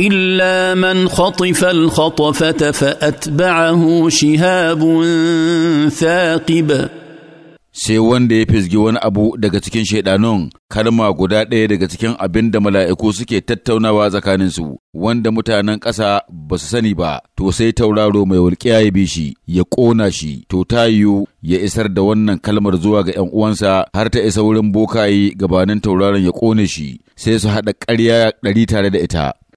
إلا من خطف الخطفة فأتبعه شهاب ثاقب sai wanda ya fisgi wani abu daga cikin shaidanun kalma guda ɗaya daga cikin abin da mala'iku suke tattaunawa tsakaninsu wanda mutanen ƙasa ba su sani ba to sai tauraro mai walƙiya ya bi shi ya ƙona shi to ta yiwu ya isar da wannan kalmar zuwa ga 'yan uwansa har ta isa wurin bokaye gabanin tauraron ya ƙone shi sai su haɗa ƙarya ɗari tare da ita